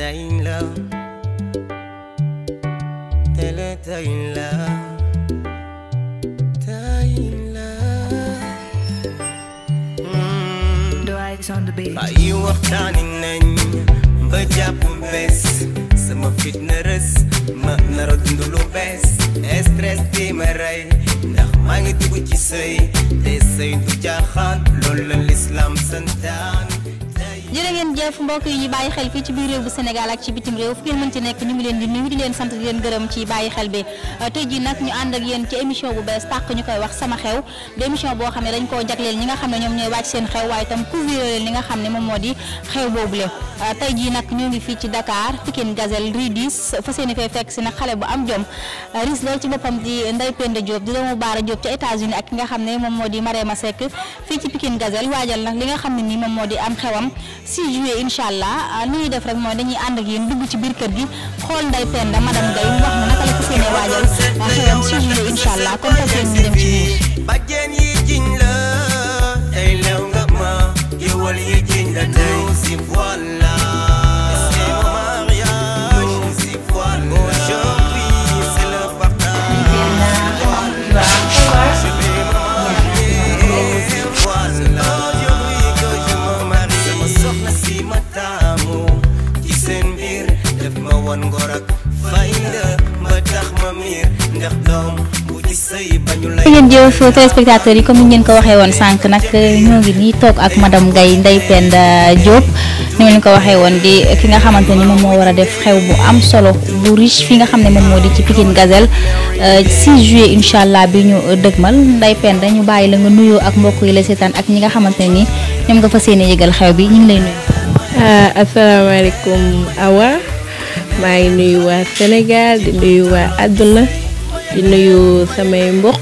Teledyne love Teledyne love ay waxtaani nañ ba jàpp bees sama fit ma nara dund lu bees stress ma rey ndax maa ngi dugg ci te sëy du jaaxaan loolu la lislaam santaan jërëjëf mbokk yi ñu bàyyi xel fii ci biir réew bu Sénégal ak ci bitim réew fu ngeen mën ci nekk ñu ngi leen di nuyu di leen sant di leen gërëm ci bàyyi xel bi euh, tey jii nag ñu ne dañ koo jagleel ñi nga xam ne ñoom xam ne moom moo di xew boobule euh, tey jii nag ñoo ngi fii ci Dakar Pikine Gazelle Rue 10 fa seeni fee fekk si nag xale bu am jom euh, ris lool ci boppam di Ndeye Penda Diop di doomu Baara Diop ca États-Unis ak nga xam ne moom moo di ma Seck fii ci Pikine Gazelle waajal nag li nga xam ni nii moom moo di am xewam 6 juillet incha allah ah, ni ñuy def rek mooy dañuy ànd ak yéen dugg ci biir kër gi xool nday Penda madame Gaye wax na naka la ko seenee waajal ah, xewam si juillet incha allah kon fas yéen dem ci biir. ngeen jëf yi comme ni ngeen ko waxee woon sànq nag ñoo ngi nii toog ak madam Gaye Ndeye Penda Diop ni ma leen ko waxee woon di ki nga xamante ni moom moo war a def xew bu am solo bu riche fi nga xam ne moom moo di ci Pikine Gazelle 6 euh, juillet incha allah bi ñu dëgmal Ndeye Penda ñu bàyyi la nga nuyoo ak mbokk yi la seetaan ak ñi nga xamante ni ñoom nga fa yéene yëgal xew bi ñu ngi lay nuyu. Euh, asalaamaaleykum Awa maa ngi nuyu waa Sénégal di nuyu waa àdduna. di nuyu samay mbokk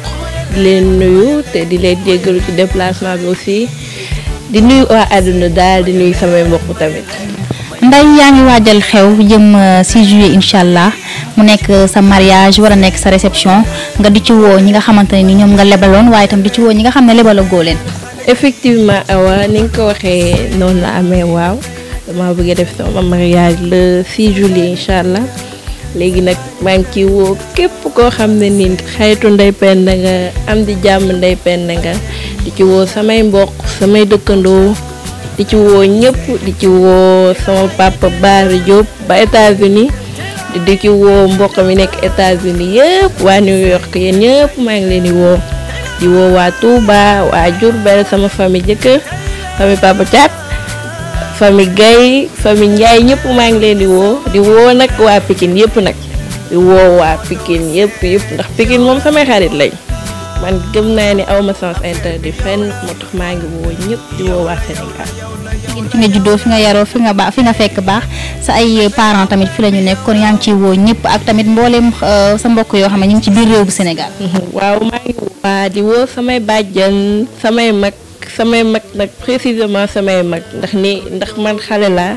di leen nuyu te di leen jéggalu ci déplacement bi aussi di nuyu waa àdduna daal di nuyu samay mbokk tamit. nday yaa ngi waajal xew jëm 6 euh, juillet incha allah mu nekk euh, sa mariage war nekk sa réception nga di ci woo ñi nga xamante ne ni ñoom nga lebaloon waaye itam di ci woo ñi nga xam ne lebalo goo leen. effectivement awa ni nga ko waxee noonu la amee waaw dama bëgg def sama mariage le 6 juillet incha léegi nag maa ngi ciy woo képp koo xam ne nii xaytu Ndeye na nga am di jàmm Ndeye Penda nga di ci woo samay mboq samay dëkkandoo di ci woo ñëpp di ci woo sama papa Barry Diop ba États-Unis di ci woo mboq mi nekk États-Unis yëpp waa New York yéen ñëpp maa ngi leen di woo di woo waa Touba waa Diourbel sama famille jëkkër famille papa Thiat famille Gaye famille Ndiaye ñëpp maa ngi leen di woo di woo nag waa Pikine yëpp nag di woo waa Pikine yëpp yëpp ndax Pikine moom samay xarit lañ man gëm naa ni awma sens interdit fenn moo tax maa ngi woo ñëpp di woo waa Sénégal. fi nga juddoo fi nga yaroo fi nga fekk baax sa ay parents tamit fi la ñu nekk kon yaa ngi woo ñëpp ak tamit mboolem euh, sa mbokk yoo xam ne ñu ci biir réew bu Sénégal. waaw maa ngi woo di woo samay bàjjan samay mag. samay mag nag précisément samay mag ndax ni ndax man xale laa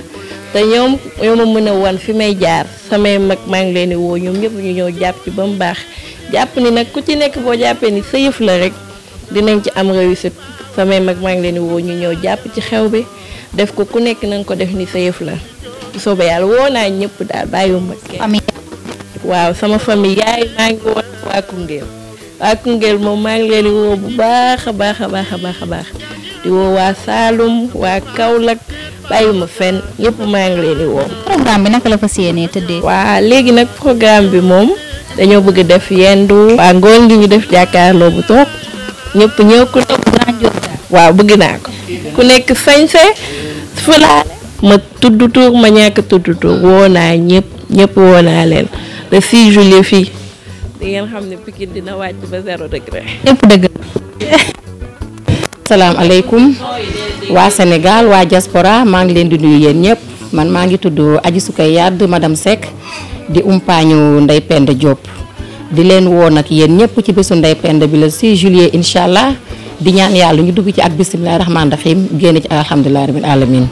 te ñoom ñoo ma mën a wan fi may jaar samay mag maa ngi leen di woo ñoom ñëpp ñu ñëw jàpp ci ba mu baax jàpp ni nag ku ci nekk boo jàppee ni sa la rek dinañ ci am réussite samay mag maa ngi leen di woo ñu ñëw jàpp ci xew bi def ko ku nekk na ko def ni sa yëf la bu soobee yàlla woo naa ñëpp daal bàyyiwuma kenn. waaw sama famille yaay maa ngi woon waa Koungheul waa Koungheul moom maa ngi leen di woo bu baax a baax a baax a baax a baax di woo waa Saalum waa Kaolack bàyyi ma fenn ñëpp maa ngi leen di woo. programme bi naka la fas yéenee tëddee. waa léegi nag programme bi moom dañoo bëgg def yendu. waa ngoon ngi ñu def jàkkaarloo bu toog ñëpp ñëw ku nekk waaw bëgg naa ko ku nekk sañse fulaale ma tudd tuur ma ñàkk tudd tuur woo naa ñëpp ñëpp woo naa leen le 6 juillet fii. di ngeen xam ne Pikine dina wàcc ba zéro degré. lépp dëgg waa Sénégal waa diaspora maa ngi leen di nuyu yéen ñëpp man maa ngi tudd Aji Sukay Yadd madame Seck di umpaañu Ndeye Penda Diop di leen woo nag yéen ñëpp ci bésu Ndeye Penda bi le 6 juillet incha allah di ñaan yàlla ñu dugg ci ak bisimilah rahmaani rahim génn ci alhamdulilah rabbil alamin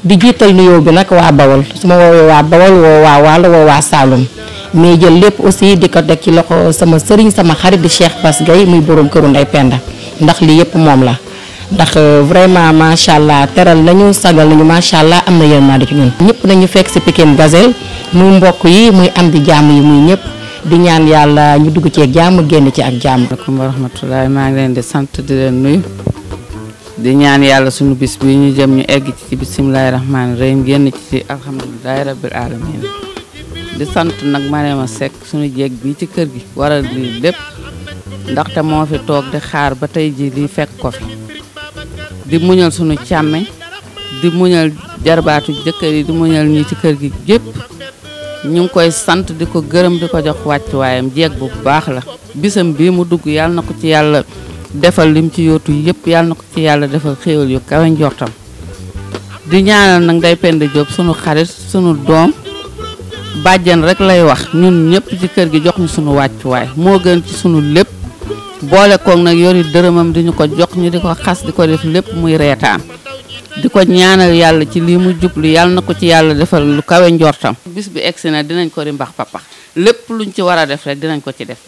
di jiital nuyoo bi nag waa Bawol su ma woowee waa Bawol woo waa Waalo woo waa Saalum. mais jël lépp aussi di ko teg ci loxo sama sëriñ sama xarit di Cheikh Bass Gueye muy borom këru Ndeye Penda ndax lii yëpp moom la ndax euh, vraiment macha allah teral nañu sagal nañu macha allah am na yërmande ci ñun. ñëpp nañu fekk si Pikine Gazelle muy mbokk yi muy am di jàmm yi muy ñëpp di ñaan yàlla ñu dugg ci ak jàmm génn ci ak jàmm. asalaamaaleykum wa rahmatulah maa ngi leen di sant di leen nuyu di ñaan yàlla sunu bis bi ñu jëm ñu egg ci bisimilahi rahmaani rahim génn ci alhamdulilahi rabbil alamin di sant nag Marema Seck suñu jeeg bi ci kër gi waral lii lépp ndaxte moo fi toog di xaar ba tey ji lii fekk ko fi di muñal suñu càmme di muñal jarbaatu jëkkër yi di muñal ñi ci kër gi gépp ñu ngi koy sant di ko gërëm di ko jox wàccuwaayam jeeg bu baax la bisam bii mu dugg yàlla na ko ci yàlla defal lim ci yootu yëpp yàlla na ko ci yàlla defal xéewal yu kawe njortam di ñaanal nag day pend Jóob sunu xarit sunu doom bàjjen rek lay wax ñun ñëpp ci kër gi jox ñu sunu wàccuwaay moo gën ci sunu lépp boole koog nag yori dërëmam di ñu ko jox ñu di ko xas di ko def lépp muy reetaan di ko ñaanal yàlla ci lii mu jublu yàlla na ko ci yàlla defal lu kawe njortam. bis bi egsi na dinañ ko di mbax papax lépp luñ ci war a def rek dinañ ko ci def.